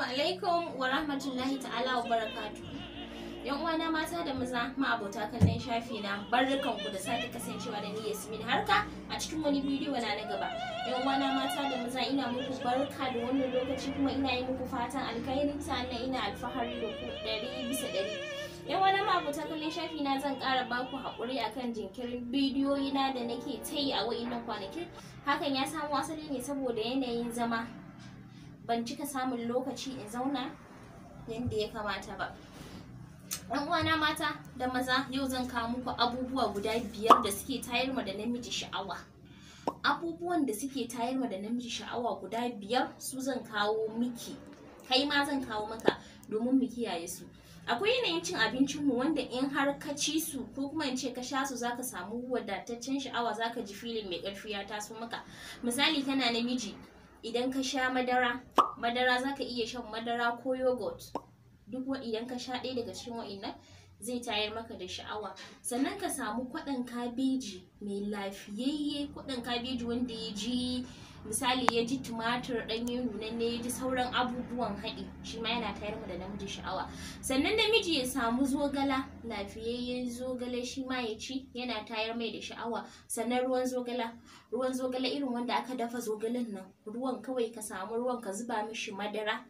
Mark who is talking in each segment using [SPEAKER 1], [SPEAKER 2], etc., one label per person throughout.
[SPEAKER 1] Assalamu alaikum wa rahmatullahi ta'ala wa barakatu. Yan uwana mata da maza abota kallon shafi na barkan ku da sake kasancewa da ni Yasmin Harka a cikin wani bidiyo na na gaba. Yan uwana mata da maza ina muku barka da wannan lokaci kuma ina yi muku fatan alkhairi sannan ina alfahari da ku dari bisa ɗari. Yan uwana abota kallon shafi na zan ƙara ba ku haƙuri akan jinkirin bidiyoyi na da nake ta yi a wa'innan kwanaki. Hakan ya samo asali ne saboda yanayin zama ban cika samun lokaci in zauna yadda ya kamata ba ɗan uwana mata da maza yau zan kawo muku abubuwa guda biyar da suke tayar da namiji sha'awa abubuwan da suke tayar da namiji sha'awa guda biyar su zan kawo miki kai ma zan kawo maka domin mu kiyaye su akwai yanayin cin abincin mu wanda in har ka ci su ko kuma in ce ka sha su zaka samu wadataccen sha'awa zaka ji filin mai ƙarfi ya taso maka misali kana namiji idan ka sha madara madara zaka iya shan madara ko yogurt duk idan ka sha ɗaya daga cikin wa'innan zai tayar maka da sha'awa sannan ka samu kwaɗon kabeji mai lafiyayye kwaɗon kabeji wanda ya ji misali ya ji tumatir ɗanye nunanne ya ji sauran abubuwan haɗi shi ma yana tayar mu da namiji sha'awa sannan namiji ya samu zogala lafiyayyen zogala shi ma ya ci yana tayar mai da sha'awa sannan ruwan zogala ruwan zogala irin wanda aka dafa zogalin nan ruwan kawai ka samu ruwan ka zuba mishi madara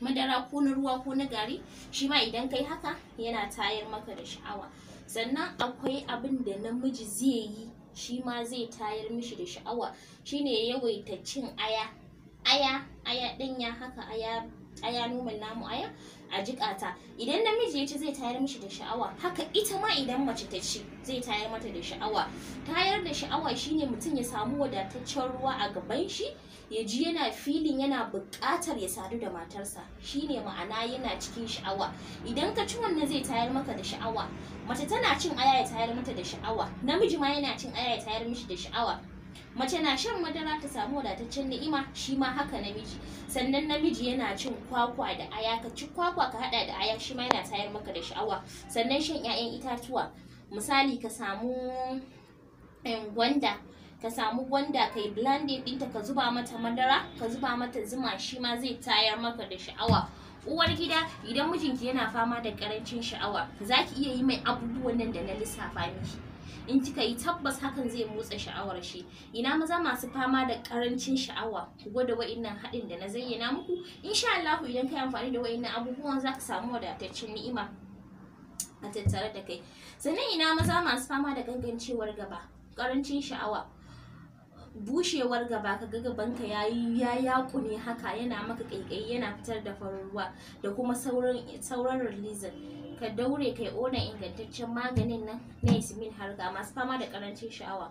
[SPEAKER 1] madara ko na ruwa ko na gari shi ma idan kai haka yana tayar maka da sha'awa sannan akwai abin da namiji zai yi shi ma zai tayar mishi da sha'awa shine ya yawaita cin aya aya aya ɗanya haka aya aya noman namu aya a jikata idan namiji ya ci zai tayar mishi da sha'awa haka ita ma idan mace ta ci zai tayar mata da sha'awa tayar da sha'awa shine mutum ya samu wadataccen ruwa a gaban shi ya ji yana filin yana buƙatar ya sadu da matarsa shine ma'ana yana cikin sha'awa idan ka ci wannan zai tayar maka da sha'awa mace tana cin aya ya tayar mata da sha'awa namiji ma yana cin aya ya tayar mishi da sha'awa mace na shan madara ta samu wadataccen ni'ima shi ma haka namiji sannan namiji yana cin kwakwa da aya ka ci kwakwa ka hada da aya shi ma yana tayar maka da sha'awa sannan shan 'ya'yan itatuwa misali ka samu gwanda ka samu gwanda ka yi blending dinta, ka zuba mata madara ka zuba mata zuma shi ma zai tayar maka da sha'awa uwar gida idan mijinki yana fama da karancin sha'awa za ki iya yi mai abubuwan nan da na lissafa miki in kika yi tabbas hakan zai motsa sha'awar shi ina maza masu fama da karancin sha'awa ku gwada wa'innan haɗin da na zayyana muku insha Allah idan kai amfani da wa'innan abubuwan za ka samu wadataccen ni'ima a tattare da kai sannan ina maza masu fama da gangancewar gaba karancin sha'awa bushewar gaba ka ga gabanka yayi ya yakune haka yana maka kaikayi yana fitar da farin da kuma sauran sauran releaser ka daure kai ona ingantaccen maganin nan na yasmin har ga masu fama da karancin sha'awa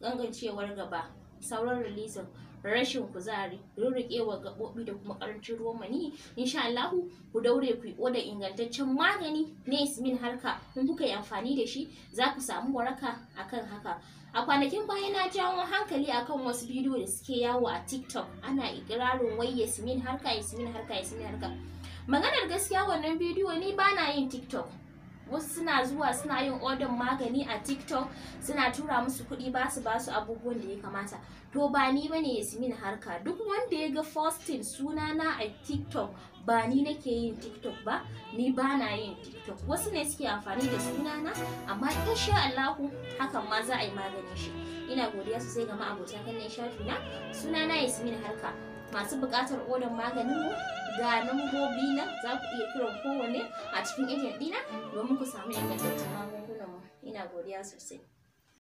[SPEAKER 1] gangancewar gaba sauran releasing rashin kuzari rurrukewa gaɓoɓi da kuma ƙarancin ruwan mani insha Allah ku daure ku oda ingantaccen magani ne ismin harka in kuka yi amfani da shi za ku samu waraka akan haka a kwanakin baya na jawo hankali akan wasu bidiyo da suke yawo a tiktok ana ikirarin wai yasmin harka yasmin harka yasmin harka maganar gaskiya wannan bidiyo ni bana yin tiktok wasu suna zuwa suna yin odon magani a tiktok suna tura musu kuɗi basu basu ba abubuwan da ya kamata to ba ni bane yasmin harka duk wanda ya ga fostin sunana a tiktok ba ni nake yin tiktok ba ni ba na yin tiktok wasu ne suke amfani da sunana amma insha allahu hakan ma za a yi maganin shi ina godiya sosai ga ma'abota kan shafi na sunana yasmin harka masu buƙatar odar maganin mu ga nambobi na za ku iya kiran kowanne a cikin agent dina domin ku samu ingantaccen magungunan mu ina godiya sosai